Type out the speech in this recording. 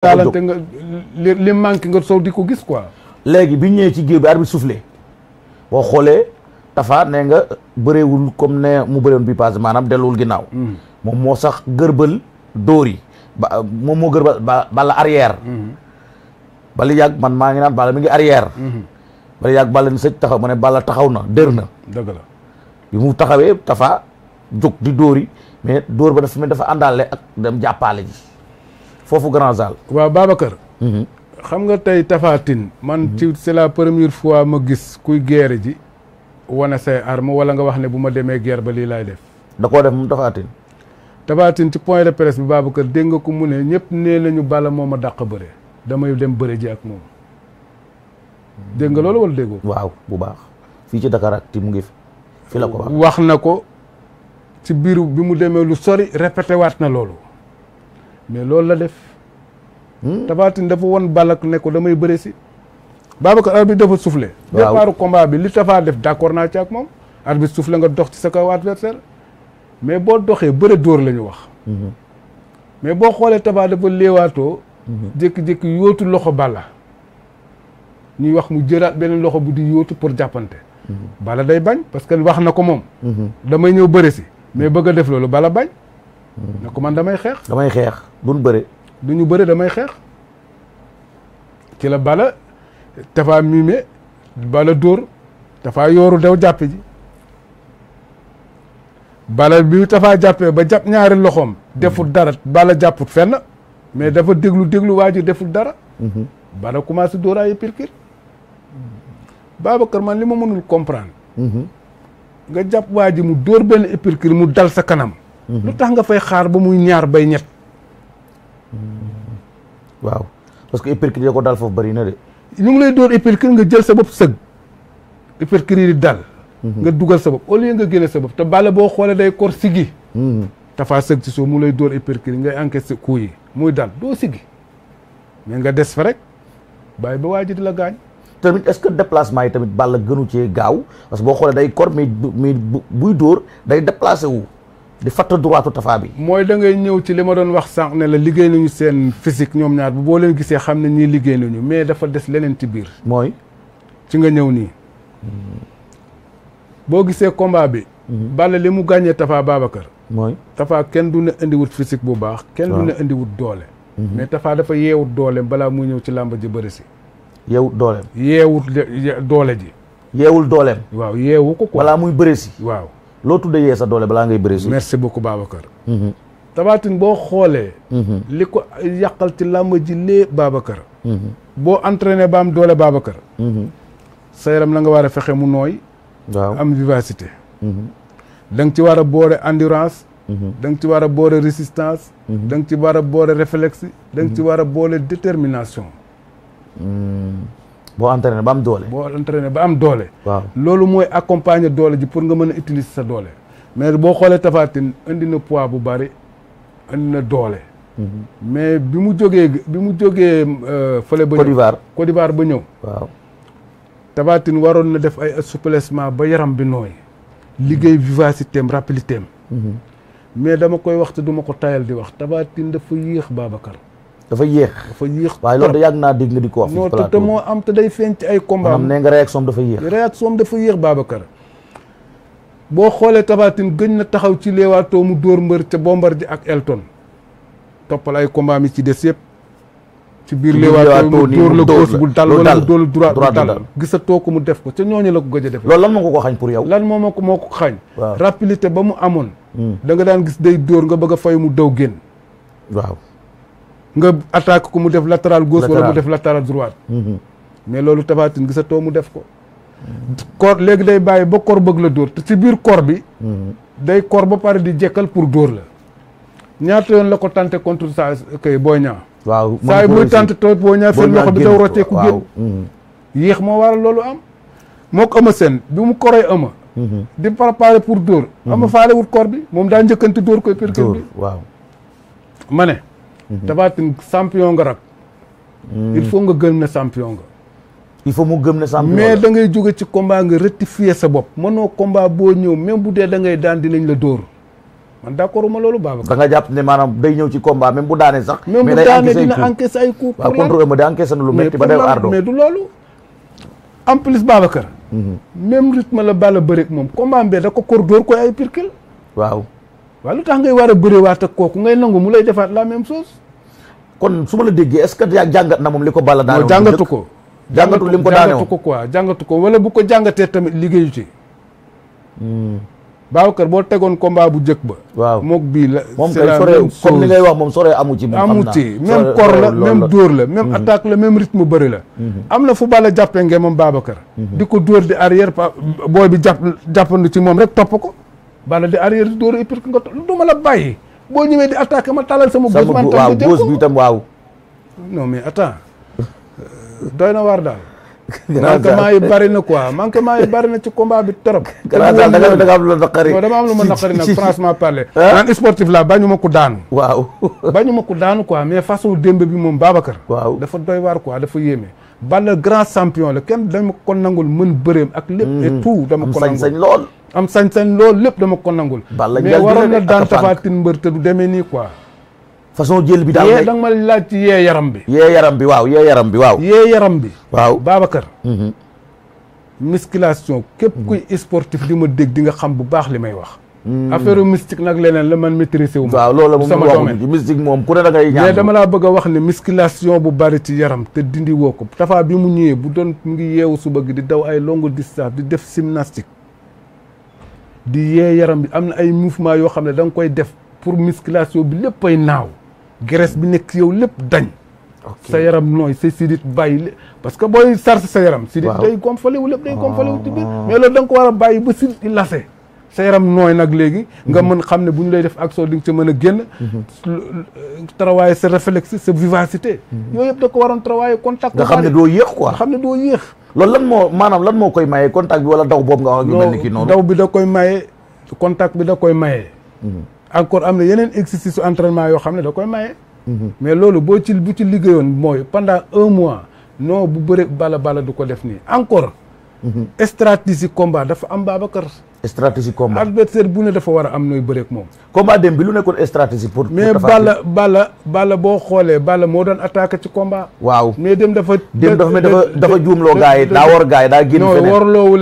daalante nga li li manqué nga sow di ko gis quoi. léegi Sufle, ñëwee ci géew bi arbitre soufflé boo xoolee Tafa nee nga comme ne mu bëreewoon bi passé maanaam delluwul ginnaaw. Hmm. moom moo sax gërbal dóor yi ba gërbal bala arrière. Hmm. bali yak man maa ngi bala mi ngi arrière. bala bala ni sëj taxaw bala taxaw na dër na. dëgg la bi mu taxawee Tafa juk di duri, yi mais dóor ba dafa mel dafa àndaale ak dem jàppale ji. foofu grand salle. waaw kër mhm. xam nga tey tafaatin man mhm. ci c'est la première fois ma gis kuy guerre ji wane say arme wala nga wax ne bu ma demee guerre ba lii laay def. dakoo koo def moom tafaatin. tafaatin ci point de presse bi Babacar dégg nga ko mu ne ñëpp nee nañu bala moo ma dàq bëre damay dem bëre ji ak moom dégg nga loolu wala déggoo. bu baax fii ci dakaraat ti mu ngi fi la ko wax. wax na ko ci biiru bi mu demee lu sori répété waat na loolu. mais loolu la def. Hmm? Tapha Tine dafa won Balak ne ko damay bëre si. Babacar arbitre dafa soufflé. waaw départu combat bi li Tapha def d' accord naa ci ak moom. arbitre soufflé nga dox ci sa kaw adversaire mais boo doxee bëre dóor lañu wax. Hmm. mais boo xoolee Tapha dafa léewaatoo. Hmm. jékki-jékki yóotu loxo bala ñuy wax mu jëlaat beneen loxo bu di yóotu pour jàppante. bala day bañ parce que wax na ko moom. damay ñëw bëre si. mais bëgg a def loolu bala bañ. ne ko man damay xeex. damay xeex duñ bëre. ñu bëre damay xeex ci la bala dafa mimé bala dóor dafa yooru dew jàpp ji bala bi dafa jàppee ba jàpp ñaari loxoom. deful dara bala jàpput fenn mais dafa déglu déglu waa ji deful dara. Mhm. bala commencé dóor ay pirkir kër man li ma mënul comprendre. Mhm. nga jàpp waa ji mu dóor benn épirkir mu dal sa kanam. lu mhm. tax nga fay xaar ba muy ñaar bay ñet mhm. waaw parce que hypercure ya ko dal foofu bari na de ñu ngi lay door hypercure nga jël sa bop seug hypercure dal mhm. nga duggal sa bop au lieu nga gëné sa bop te balla bo xolé day kor sigi fa seug ci so mu lay door hypercure ngay encaissé ci kuy muy dal doo sigi mais nga dess fa rek bay ba waji ji di la gaañ tamit est-ce que déplacement yi tamit balle gënu ci gaaw parce que boo day kor mais mais buy door day déplacer wu di fatt droitu tafaa bi mooy da ngay ñëw ci li ma doon wax sànq ne la liggéey nañu seen physique ñoom ñaar bu boo leen gisee xam ne ñii liggéey nañu mais dafa des leneen ci biir mooy ci nga ñëw nii hmm. boo gisee combat bi hmm. Balla li mu gàññee Tapha Babacar mooy Tapha kenn du ne indiwut physique bu baax kenn du ne indiwut doole hmm. mais Tapha dafa yeewut dooleem balaa muy ñëw ci làmba ji bëri si yeewut dooleem yeewut ji yeewul dooleem waaw yeewu ko quoi balaa muy bëri si waaw loo tuddee yee sa doole balaa ngay bëree si. merci beaucoup Babacar. Mhm. tabaatin boo xoolee. Mhm. li ko yàqal ci làmb ji lee Babacar. Mhm. boo entraîné ba am doole Babacar. sa yaram la nga war a fexe mu nooy. waaw am vivacité. da ci war a boole endurance. da nga ci war a boole résistance. da ci war a boole réflexe. da nga ci war a boole détermination. boo entraîné ba am doole. boo entraîné ba am doole. waaw loolu mooy accompagner doole ji pour nga mën a utiliser sa doole. mais boo xoolee Tapha Tine indi na poids bu bari indi na doole. Mhm. mais bi mu jógee bi mu jógee euh, fële ba. Côte d'Ivoire Côte d'Ivoire ba ñëw. waaw waroon na def ay assouplissement ba yaram bi nooy. liggéey mhm. vivacité am rapidité am mhm. mais dama koy wax te duma ko tayal di wax Tapha Tine dafa yéex Babacar. dafa yéex dafa yéex waaye loolu da yàgg naa dégg nga di ko wax non te moo am te day feeñ ci ay combat maanaam nee nga réaction dafa yéex réaction dafa yéex Babacar boo xoolee tabaatin gëñ na taxaw ci leewaatoo mu dóor mbër ca ji ak Elton toppal ay combat mi ci des yëpp ci biir leewaatoo mu dóor la gauche bu dal wala mu dóor la droite bu gisatoo ko mu def ko ca ñooñu la ko gëj a def loolu lan moo ko ko xañ pour yow lan moo ma ko moo ko xañ ba mu amoon hmm. da nga daan gis day dóor nga bëgg a fay mu daw génn nga attaque ko mu def latéral gauche wala mu def latéral droite mhm. mais loolu Tapha Tine gisatoo mu def ko kor léegi day bàyyi ba kor bëgg la dóor te ci biir koor bi mhm. day koor ba pare di jekkal pour dóor la ñaata yoon la ko tante contre saa booy Boy Niang waaw saa yi muy tante to Boy Niang seen loxo bi daw rocceeku génn mhm. yéex moo waral loolu am moo ko ëma seen bi mu koree ëma di préparé pour dóor ama faale wut koor bi moom daa njëkkanti dóor koy pirkir bi waaw ma ne Mhm. Tafatine champion nga rak. Mm. il faut nga gëm na champion il faut mu gëm ne champion mais da ngay jóge ci combat nga rectifier sa bopp. noo combat boo ñëw même bu dee da ngay daan dinañ la dóor. man d'accord ma loolu Babacar. da nga jàpp ne maanaam day ñëw ci combat même bu daanee sax. même bu daanee dina encaissé la lu métti ba day du loolu. en plus Babacar. Mhm. même rythme la bala bëreeg moom combat mbee da ko kor dóor koy ay pirkil waaw. waaw lu tax ngay war a bëriwaat ak kooku ngay nangu mu lay defaat la même chose. kon su ma la déggee est-ce que jàngat na moom li ko bala daanoo. jàngatu ko jàngatu ko daanoo jàngatu ko quoi jàngatu ko wala bu ko jàngatee tamit liggéeyu ci. Hmm. Babacar boo tegoon combat bu njëkk ba. waaw moog bii la. moom kay sore comme wax moom sore amu ci. moom amu ci même kor la même dóor la. même hmm. attaque la même rythme bëri la. Hmm. am na fu bala jàppee ngeen moom Babacar. di ko dóor di arrière pa booy bi jàpp jàppandu ci moom rek topp ko. bala di arrière di dóor épir nga du ma la bàyyi boo ñëwee di attaqué ma talal sama gauche man tam gauche bi tam waaw non mais attends euh, doy na waar daal manquement yi bari na quoi manquement yi bari na ci combat bi trop grand daal da nga da nga am lu naqari ma naqari nag franchement parler man ah? sportif la bañu ma ko daan waaw bañu ma ko daanu quoi mais façon démb bi moom Babacar waaw dafa doy waar quoi dafa yéeme Balla grand champion la kenn dama ko nangul man bëreem ak lépp mm-hmm. et tout dama ko nangul lool am sañ-sañ loolu lépp dama ko nangul. Balla mais waroon na daan tafaatin mbër te du demee nii quoi. façon jël bi daal da ma laaj ci yee yaram bi. yee yaram bi waaw yee yaram bi waaw. yee yaram bi. waaw Babacar. Mhm. musculation képp mhm. ku sportif di ma dégg di nga xam bu baax li may wax. Mhm. affaire mystique nag leneen la man maîtriser wu ma. waaw loolu sama domaine mystique moom ku ne da ngay dama laa bëgg a wax ne musculation bu bari ci yaram te dindi woo ko tafa bi mu ñëwee bu doon mu ngi yeewu suba gi di daw ay longue distance di def gymnastique. di yee yaram bi am na ay mouvement yoo xam ne da nga koy def pour musculation bi lépp ay naaw graisse bi nekk yow lépp dañ sa yaram nooy sa sidit bàyyi parce que booy sarse sa yaram sidit day gonfale wu lépp day gonfale wu ci biir ah. mais loolu da nga ko war a ba sidit yi lase sa yaram nooy nag léegi nga mën xam ne bu ñu lay def action di nga ci mën a génn travailler sa réflexe sa vivacité yooyu yëpp da ko waroon travailler contact nga xam ne doo yéex quoi nga xam ne doo yéex loolu lan moo maanaam lan moo koy maye contact bi wala daw boobu nga wax yu mel ni kii noonu daw bi da koy maye contact bi da koy maye encore am na yeneen exercice su entraînement yoo xam ne da koy maye mais loolu boo ci bu ci liggéeyoon mooy pendant un mois non bu bëre bala bala du ko def nii encore stratégie combat dafa am Babacar stratégie combat adversaire bu ne dafa war a am nooy bëreek moom. combat dem bi lu nekkoon stratégie pour. pour mais Balla Balla Balla boo xoolee Balla moo doon attaqué ci combat. waaw mais dem dafa. dem dafa dafa juumloo gars yi daa war gars yi daa génn feneen.